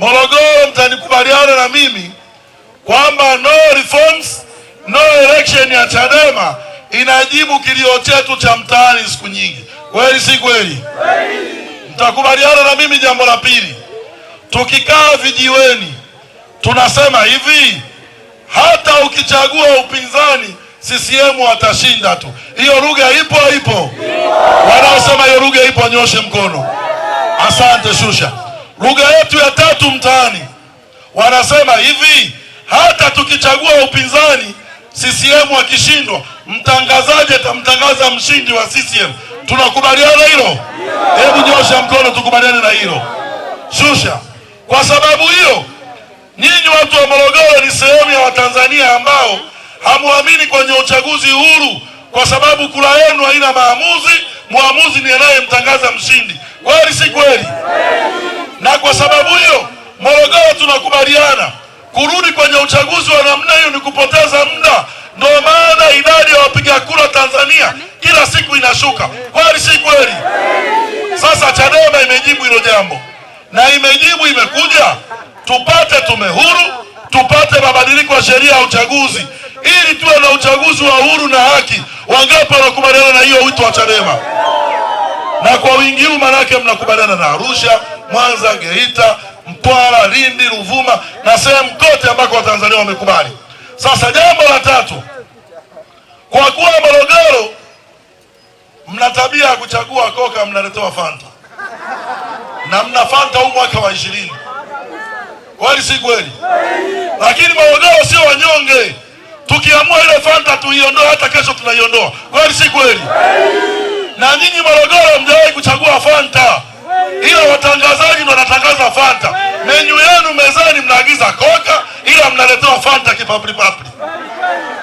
Morogoro, mtanikubaliana na mimi kwamba no reforms no election ya Chadema inajibu kilio chetu cha mtaani siku nyingi. Kweli si kweli? Mtakubaliana na mimi. Jambo la pili, tukikaa vijiweni tunasema hivi, hata ukichagua upinzani CCM watashinda tu. Hiyo lugha ipo ipo? Wanaosema hiyo lugha ipo nyoshe mkono. Asante, shusha lugha yetu ya tatu mtaani wanasema hivi, hata tukichagua upinzani CCM akishindwa, mtangazaji atamtangaza mshindi wa CCM. Tunakubaliana hilo? Hebu nyosha mkono tukubaliane na hilo, shusha. Kwa sababu hiyo, nyinyi watu wa Morogoro ni sehemu ya Watanzania ambao hamwamini kwenye uchaguzi huru, kwa sababu kura yenu haina maamuzi. Mwamuzi ni anayemtangaza mshindi. Kweli si kweli? na kwa sababu hiyo Morogoro tunakubaliana kurudi kwenye uchaguzi wa namna hiyo ni kupoteza muda. Ndio maana idadi ya wapiga kura Tanzania kila siku inashuka, kweli si kweli? Sasa Chadema imejibu hilo jambo na imejibu imekuja, tupate tume huru, tupate mabadiliko ya sheria ya uchaguzi ili tuwe na uchaguzi wa huru na haki. Wangapi wanakubaliana na hiyo wito wa Chadema? Na kwa wingi huu, manake mnakubaliana na Arusha Mwanza, Geita, Mtwara, Lindi, Ruvuma na sehemu kote ambako Watanzania wamekubali. Sasa jambo la tatu, kwa kuwa Morogoro mna tabia ya kuchagua Koka, mnaletewa Fanta na mna Fanta huu mwaka wa ishirini. Kweli si kweli? Lakini Morogoro sio wanyonge, tukiamua ile Fanta tuiondoa hata kesho tunaiondoa. Kweli si kweli? Na nyinyi Morogoro mjawahi kuchagua Fanta mnatangaza Fanta, menyu yenu mezani mnaagiza Coca, ila mnaletewa Fanta kipapri papri.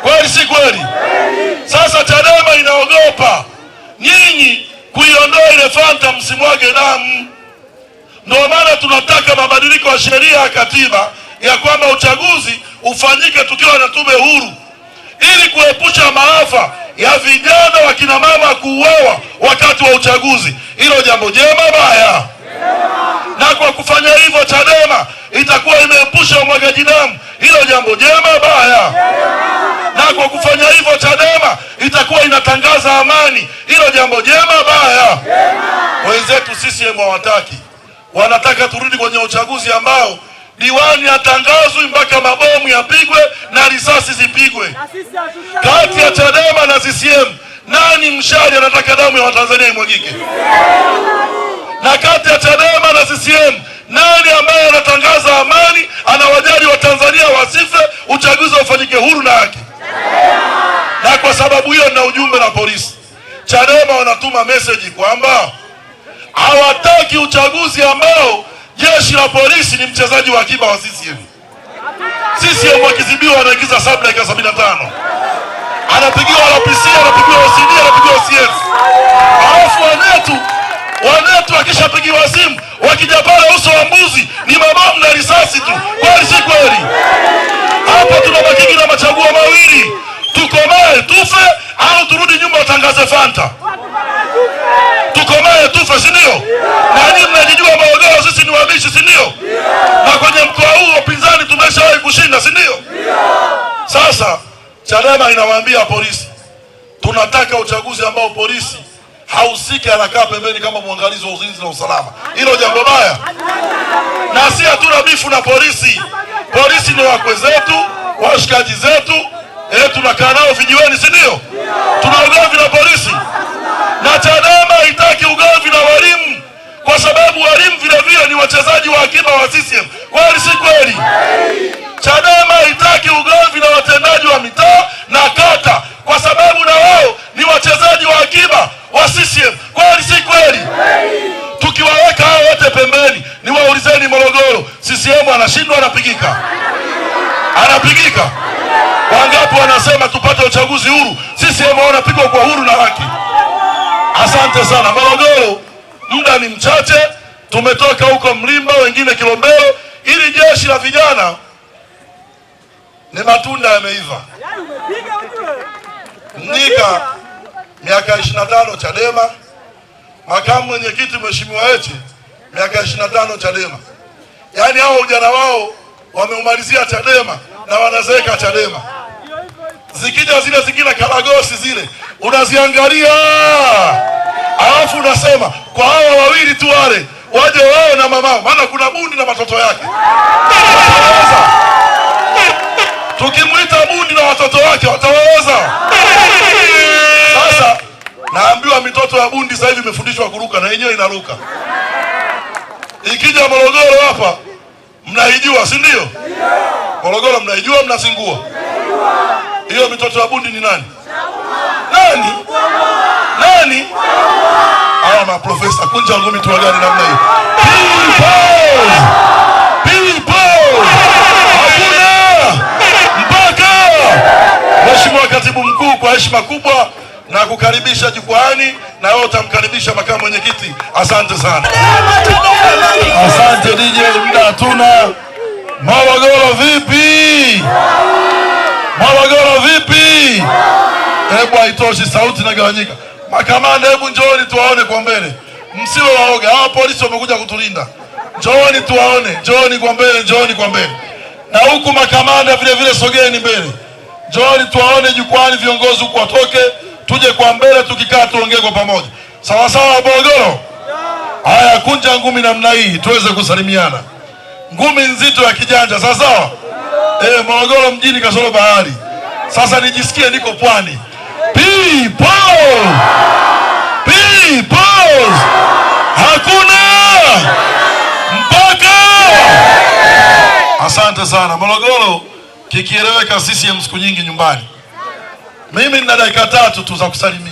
Kweli si kweli? Sasa Chadema inaogopa nyinyi kuiondoa ile Fanta, msimwage damu. Ndio maana tunataka mabadiliko ya sheria ya katiba ya kwamba uchaguzi ufanyike tukiwa na tume huru, ili kuepusha maafa ya vijana wakina mama kuuawa wakati wa uchaguzi. Hilo jambo jema baya? na kwa kufanya hivyo Chadema itakuwa imeepusha umwagaji damu. Hilo jambo jema baya? Na kwa kufanya hivyo Chadema itakuwa inatangaza amani. Hilo jambo jema baya? Wenzetu CCM hawataki, wanataka turudi kwenye uchaguzi ambao diwani atangazwi mpaka mabomu yapigwe na risasi zipigwe. Kati ya Chadema na CCM nani mshari anataka damu ya Watanzania imwagike? na kati ya Chadema na CCM, nani ambaye anatangaza amani, anawajali Watanzania wasife, uchaguzi ufanyike huru na haki? Na kwa sababu hiyo, na ujumbe na polisi, Chadema wanatuma meseji kwamba hawataki uchaguzi ambao jeshi la polisi ni mchezaji wa akiba wa CCM. CCM wakizibiwa anaingiza sub dakika 75 anapigiwa RPC, anapigiwa OCD, anapigiwa CS. alafu wanetu Wanetu wakishapigiwa simu wakija pale uso wa mbuzi ni mabomu na risasi tu. Kweli si kweli? Hapo tunabaki na machaguo mawili, tukomae tufe au turudi nyuma watangaze Fanta. Tukomae tufe, si ndio? Na mnajijua Morogoro sisi ni wabishi, si ndio? Na kwenye mkoa huu wapinzani tumeshawahi kushinda, si ndio? Sasa Chadema inawaambia polisi tunataka uchaguzi ambao polisi hausiki anakaa pembeni kama mwangalizi wa ulinzi na usalama. Hilo jambo baya, na si hatuna bifu na polisi. Polisi ni wakwe zetu, washikaji zetu, eh, tunakaa nao vijiweni, si ndio? Tuna ugomvi na polisi, na Chadema haitaki ugomvi na walimu, kwa sababu walimu vile vile ni wachezaji wa akiba wa CCM. Kweli si kweli? Chadema haitaki ugomvi na watendaji wa mitaa Anapigika. Wangapi wanasema tupate uchaguzi huru? Sisi wanapigwa kwa huru na haki. Asante sana Morogoro, muda ni mchache, tumetoka huko Mlimba, wengine Kilombero. Ili jeshi la vijana ni matunda yameiva. Mnika miaka ishirini na tano Chadema, makamu mwenyekiti mheshimiwa Heche miaka ishirini na tano Chadema, yaani hao ujana wao wameumalizia Chadema na wanazeeka Chadema. Zikija zile zingine Karagosi zile unaziangalia, alafu unasema kwa hawa wawili tu wale waje wao na mamao, maana kuna bundi na watoto yake. Tukimwita bundi na watoto wake watawaweza. Sasa naambiwa mitoto ya bundi sasa hivi imefundishwa kuruka na yenyewe inaruka. Ikija Morogoro hapa mnaijua, si ndio? Morogoro mnaijua, mnazingua hiyo. Mitoto ya bundi ni nani? Nani? Nani? Hawa maprofesa kunja ngumi tu gani namna hiyo? Mheshimiwa Katibu Mkuu, kwa heshima kubwa na kukaribisha jukwaani na wewe utamkaribisha makamu mwenyekiti. Asante sana, asante DJ. Muda hatuna. Morogoro vipi? Morogoro vipi? Hebu haitoshi, sauti nagawanyika. Makamanda, hebu njooni tuwaone kwa mbele, msiwe waoga. Hawa polisi wamekuja kutulinda. Njooni tuwaone, njooni kwa mbele, njooni kwa mbele. Na huku makamanda vile vile, sogeni mbele, njooni tuwaone jukwani, viongozi huku watoke tuje kwa mbele, tukikaa tuongee kwa pamoja, sawasawa Morogoro. Haya, kunja ngumi namna hii tuweze kusalimiana, ngumi nzito ya kijanja, sawasawa eh, Morogoro mjini kasoro bahari. Sasa nijisikie niko pwani. hakuna mpaka. Asante sana Morogoro, kikieleweka. CCM siku nyingi nyumbani mimi nina dakika tatu tu za kusalimia.